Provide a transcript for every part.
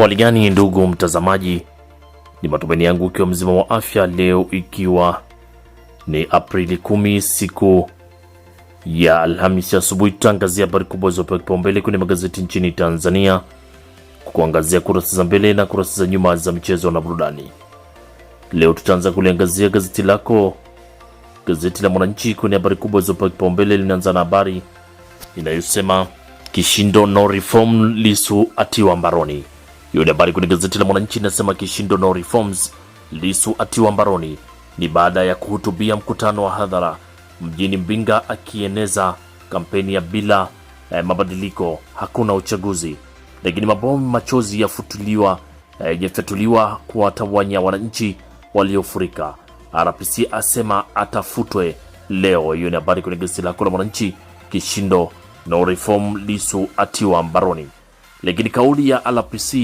Hali gani ndugu mtazamaji, ni matumaini yangu ukiwa mzima wa afya leo, ikiwa ni Aprili kumi, siku ya Alhamisi asubuhi, tutaangazia habari kubwa zilizopewa kipaumbele kwenye magazeti nchini Tanzania, kukuangazia kurasa za mbele na kurasa za nyuma za michezo na burudani. Leo tutaanza kuliangazia gazeti lako, gazeti la Mwananchi, kwenye habari kubwa zilizopewa kipaumbele. Linaanza na habari inayosema kishindo, no reform, Lisu atiwa mbaroni hiyo ni habari kwenye gazeti la Mwananchi inasema kishindo no reforms, Lisu atiwa mbaroni. Ni baada ya kuhutubia mkutano wa hadhara mjini Mbinga akieneza kampeni ya bila eh, mabadiliko hakuna uchaguzi. Lakini mabomu machozi yafutuliwa eh, yafyatuliwa kuwatawanya wananchi waliofurika. RPC asema atafutwe leo. Hiyo ni habari kwenye gazeti lako la Mwananchi. Kishindo no reform, Lisu atiwa mbaroni. Lakini kauli ya RPC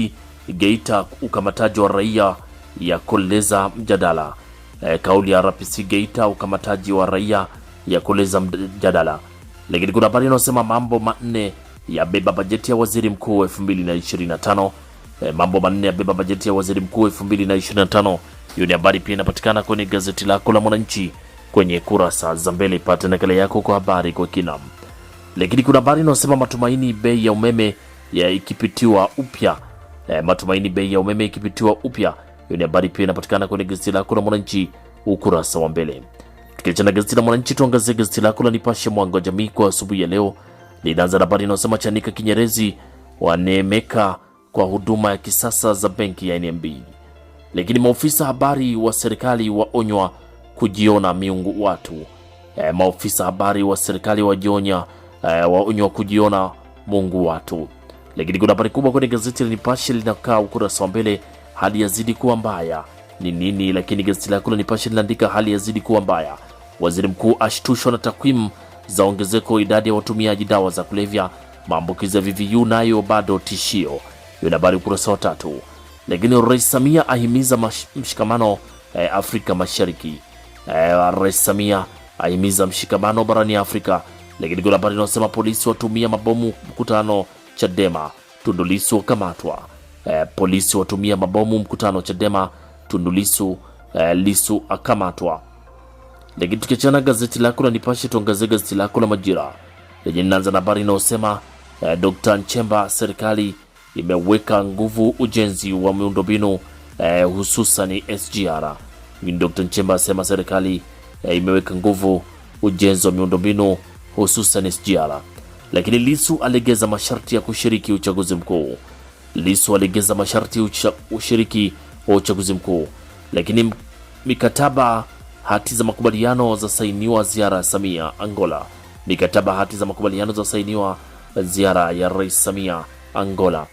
Geita ukamataji wa raia ya koleza mjadala. E, kauli ya RPC Geita ukamataji wa raia ya koleza mjadala. Lakini kuna habari inayosema mambo manne ya beba bajeti ya waziri mkuu 2025. E, mambo manne ya beba bajeti ya waziri mkuu 2025. Hiyo ni habari pia inapatikana kwenye gazeti lako la Mwananchi kwenye kurasa za mbele, ipate nakala yako kwa habari kwa kina. Lakini kuna habari inayosema matumaini bei ya umeme ya ikipitiwa upya e, matumaini bei ya umeme ikipitiwa upya. Hiyo ni habari pia inapatikana kwenye gazeti lako la Mwananchi ukurasa wa mbele. Tukiachana gazeti la Mwananchi, tuangazie gazeti lako la Nipashe mwanga wa jamii kwa asubuhi ya leo. Linaanza na habari inayosema Chanika Kinyerezi waneemeka kwa huduma ya kisasa za benki ya NMB, lakini maofisa habari wa serikali waonywa kujiona miungu watu. E, maofisa habari wa serikali wajionya e, waonywa kujiona mungu watu. Lakini kuna habari kubwa kwenye gazeti la Nipashe linakaa ukurasa wa mbele, hali yazidi kuwa mbaya. Ni nini? Lakini gazeti lako la Nipashe linaandika hali yazidi kuwa mbaya, waziri mkuu ashtushwa na takwimu za ongezeko idadi ya watumiaji dawa za kulevya, maambukizi ya VVU nayo bado tishio. Hiyo ni habari ukurasa wa tatu. Lakini Rais Samia ahimiza mshikamano eh, Afrika Mashariki. Eh, Rais Samia ahimiza mshikamano barani Afrika. Lakini kuna habari inayosema polisi watumia mabomu mkutano Chadema Tundulisu Lissu wakamatwa. E, eh, polisi watumia mabomu mkutano Chadema Tundulisu Lissu, e, Lissu akamatwa. Lakini tukiachana gazeti lako la Nipashe, tuangazie gazeti lako la Majira lenye ninaanza na habari inayosema e, eh, Dr. Nchemba, serikali imeweka nguvu ujenzi wa miundombinu e, hususani SGR. Dr. Nchemba asema serikali e, imeweka nguvu ujenzi wa miundombinu hususan SGR lakini Lisu alegeza masharti ya kushiriki uchaguzi mkuu. Lisu alegeza masharti ya ucha, ushiriki wa uchaguzi mkuu, lakini mikataba hati za makubaliano za sainiwa ziara ya Samia Angola. Mikataba hati za makubaliano za sainiwa ziara ya Rais Samia Angola.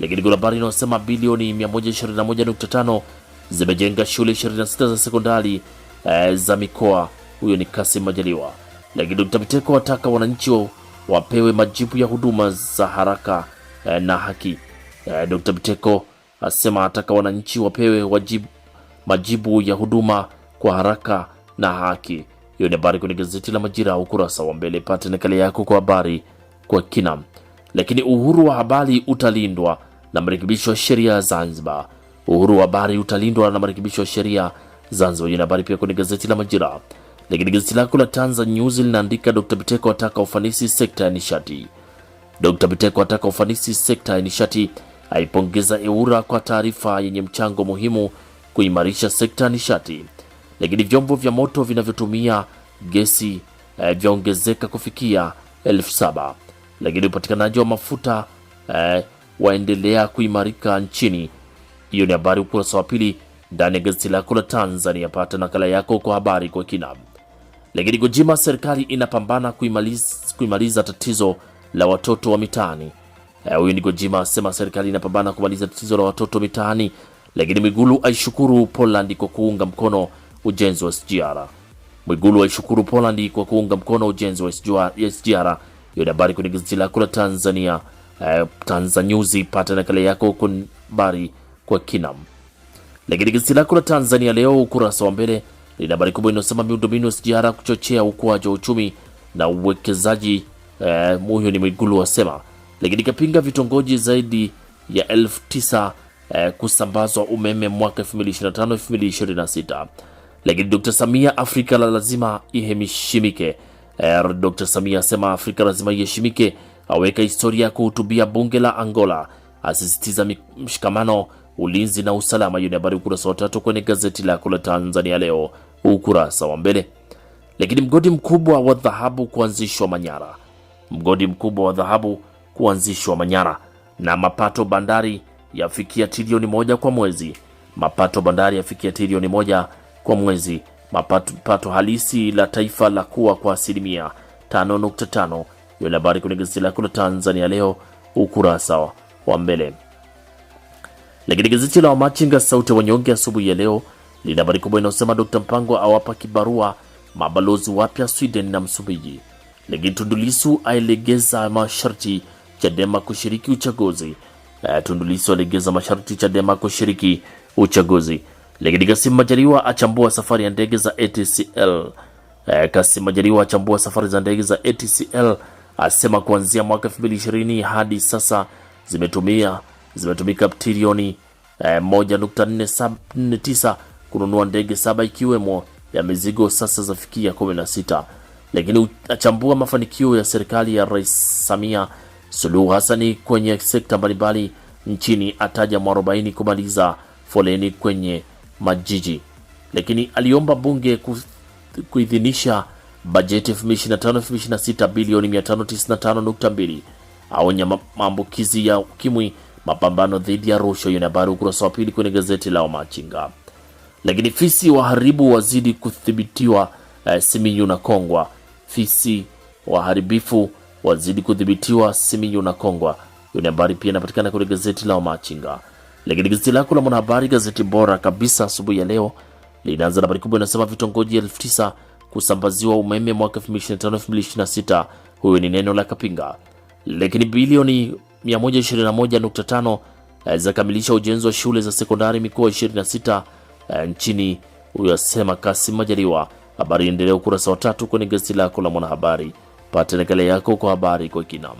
Lakini kuna habari inayosema bilioni 121.5 zimejenga shule 26 za sekondari e, za mikoa. Huyo ni Kasim Majaliwa. Lakini Dr. Biteko wataka wananchi wapewe majibu ya huduma za haraka eh, na haki. Eh, Dr. Biteko asema ataka wananchi wapewe wajibu, majibu ya huduma kwa haraka na haki. Hiyo ni habari kwenye gazeti la Majira ukurasa wa mbele, pate nakala yako kwa habari kwa kina. Lakini uhuru wa habari utalindwa na marekebisho ya sheria Zanzibar. Uhuru wa habari utalindwa na marekebisho ya sheria Zanzibar. Hiyo ni habari pia kwenye gazeti la Majira. Lakini gazeti lako la Tanzan News linaandika Dr. Biteko ataka ufanisi sekta ya nishati. Dr. Biteko ataka ufanisi sekta ya nishati, aipongeza Eura kwa taarifa yenye mchango muhimu kuimarisha sekta ya nishati. Lakini vyombo vya moto vinavyotumia gesi eh, vyaongezeka kufikia elfu saba. Lakini upatikanaji wa mafuta eh, waendelea kuimarika nchini. Hiyo ni habari ukurasa wa pili ndani ya gazeti lako la Tanzania. Pata nakala yako kwa habari kwa kina. Lakini Gwajima, serikali inapambana kuimaliza, kuimaliza tatizo la watoto wa mitaani. Eh, huyu ni Gwajima asema serikali inapambana kumaliza tatizo la watoto mitaani. Lakini Mwigulu aishukuru Poland kwa kuunga mkono ujenzi wa SGR. Mwigulu aishukuru Poland kwa kuunga mkono ujenzi wa SGR. Hiyo ni habari kwenye gazeti lako la Tanzania eh, Tanzania News. Pata nakala yako huko habari kwa kinam. Lakini gazeti lako la Tanzania leo ukurasa wa mbele lina habari kubwa inayosema miundombinu ya SGR kuchochea ukuaji wa uchumi na uwekezaji eh, huyo ni Mwigulu wasema, lakini ikapinga vitongoji zaidi ya elfu tisa eh, kusambazwa umeme mwaka 2025 2026. Lakini Dr. Samia Afrika la lazima iheshimike. Eh, Dr. Samia asema Afrika lazima iheshimike, aweka historia kuhutubia bunge la Angola, asisitiza mshikamano ulinzi na usalama. Hiyo ni habari ukurasa wa tatu kwenye gazeti lako la Tanzania Leo ukurasa wa mbele. Lakini mgodi mkubwa wa dhahabu kuanzishwa Manyara, mgodi mkubwa wa dhahabu kuanzishwa Manyara. Na mapato bandari yafikia trilioni moja kwa mwezi, mapato bandari yafikia trilioni moja kwa mwezi. Mapato halisi la taifa la kuwa kwa asilimia 5.5. Hiyo ni habari kwenye gazeti lako la Tanzania Leo ukurasa wa mbele. Lakini gazeti la Wamachinga sauti ya wanyonge asubuhi ya leo lina habari kubwa inayosema Dr. Mpango awapa kibarua mabalozi wapya Sweden na Msumbiji. Lakini Tundu Lissu aelegeza masharti Chadema kushiriki uchaguzi. Tundu Lissu alegeza masharti Chadema kushiriki uchaguzi. Lakini Kassim Majaliwa achambua safari ya ndege za ATCL. Eh, Kassim Majaliwa achambua safari za ndege za ATCL asema kuanzia mwaka 2020 hadi sasa zimetumia zimetumika trilioni eh, e, 1.449 kununua ndege saba ikiwemo ya mizigo sasa zafikia 16. Lakini achambua mafanikio ya serikali ya Rais Samia Suluhu Hassan kwenye sekta mbalimbali nchini, ataja mwarobaini kumaliza foleni kwenye majiji. Lakini aliomba bunge kuidhinisha bajeti 2025/2026 bilioni 595.2, aonya maambukizi ya ukimwi mapambano dhidi ya rushwa. Hiyo ni habari ukurasa wa pili kwenye gazeti la Wamachinga. Lakini fisi waharibu wazidi kudhibitiwa eh, Simiyu na Kongwa. Fisi waharibifu wazidi kudhibitiwa Simiyu na Kongwa. Hiyo ni habari pia inapatikana kwenye gazeti la Wamachinga. Lakini gazeti lako la Mwanahabari, gazeti bora kabisa asubuhi ya leo, linaanza na habari kubwa inasema vitongoji elfu tisa kusambaziwa umeme mwaka 2025 2026. Huyo ni neno la Kapinga. Lakini bilioni 121.5 eh, zakamilisha ujenzi wa shule za sekondari mikoa 26 eh, nchini, huyo asema Kasim Majaliwa. Habari endelee ukurasa wa tatu kwenye gazeti lako la Mwanahabari. Pata nakala yako kwa habari kwa kina.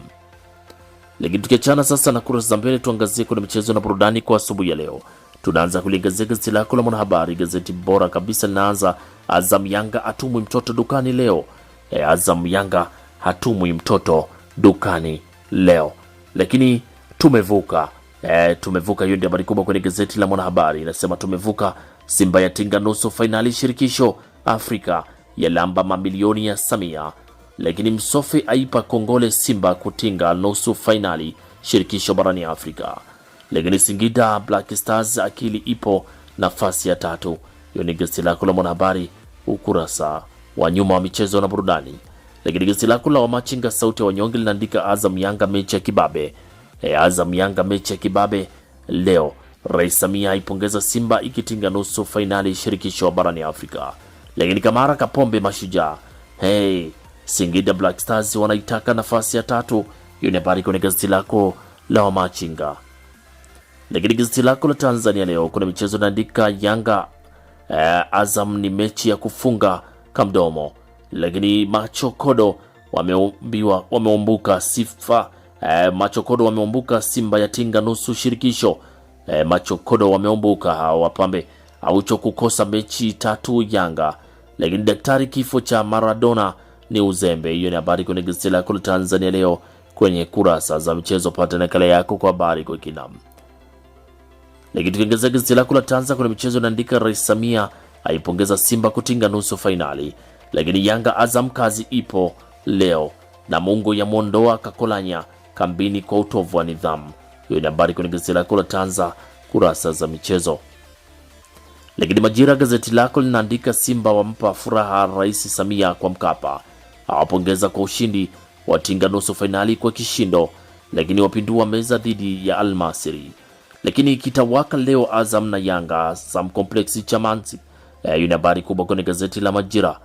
Lakini tukiachana sasa na kurasa za mbele, tuangazie kwenye michezo na burudani kwa asubuhi ya leo. Tunaanza kuliangazia gazeti lako la Mwanahabari, gazeti bora kabisa. Linaanza Azam Yanga atumwi mtoto dukani leo. E, Azam Yanga hatumwi mtoto dukani leo lakini tumevuka e, tumevuka. Hiyo ndio habari kubwa kwenye gazeti la Mwanahabari, inasema tumevuka. Simba yatinga nusu fainali shirikisho Afrika, yalamba mamilioni ya Samia. Lakini Msofe aipa kongole Simba kutinga nusu fainali shirikisho barani Afrika. Lakini Singida Black Stars akili ipo nafasi ya tatu. Hiyo ni gazeti lako la Mwanahabari ukurasa wa nyuma wa michezo na burudani. Lakini gazeti lako la Wamachinga sauti ya wanyonge linaandika Azam Yanga mechi ya kibabe. E, Azam Yanga mechi ya kibabe leo. Rais Samia aipongeza Simba ikitinga nusu fainali shirikisho barani Afrika. Lakini Kamara Kapombe mashujaa. Hey, Singida Black Stars wanaitaka nafasi ya tatu. Hiyo ni habari kwenye gazeti lako la Wamachinga. Lakini gazeti lako la Tanzania leo kuna michezo inaandika Yanga e, Azam ni mechi ya kufunga kamdomo lakini machokodo wameumbiwa wameumbuka sifa e, machokodo wameumbuka Simba ya tinga nusu shirikisho e, machokodo wameumbuka wapambe aucho kukosa mechi tatu Yanga, lakini daktari kifo cha Maradona ni uzembe. Hiyo ni habari kwenye gazeti lako la Tanzania leo kwenye kurasa za michezo, pata nakala yako kwa habari kwa kina. Lakini tukiongeza gazeti lako la Tanzania kwenye michezo, naandika Rais Samia aipongeza Simba kutinga nusu fainali lakini Yanga Azam kazi ipo leo, na Mungu yamwondoa Kakolanya kambini kwa utovu wa nidhamu. Hiyo ni habari kwenye gazeti lako la Tanza kurasa za michezo. Lakini Majira gazeti lako linaandika Simba wampa furaha Rais Samia kwa Mkapa, awapongeza kwa ushindi, watinga nusu fainali kwa kishindo, lakini wapindua meza dhidi ya Almasiri. Lakini kitawaka leo Azam na Yanga Sam Complex Chamanzi. Eh, hiyo ni habari kubwa kwenye gazeti la Majira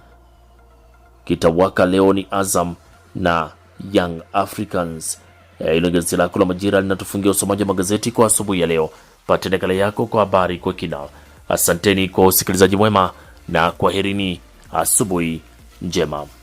kitawaka leo ni Azam na Young Africans. Eh, hilo gazeti lako la Majira linatufungia usomaji wa magazeti kwa asubuhi ya leo. Pate nakala yako kwa habari kwa kina. Asanteni kwa usikilizaji mwema na kwaherini, asubuhi njema.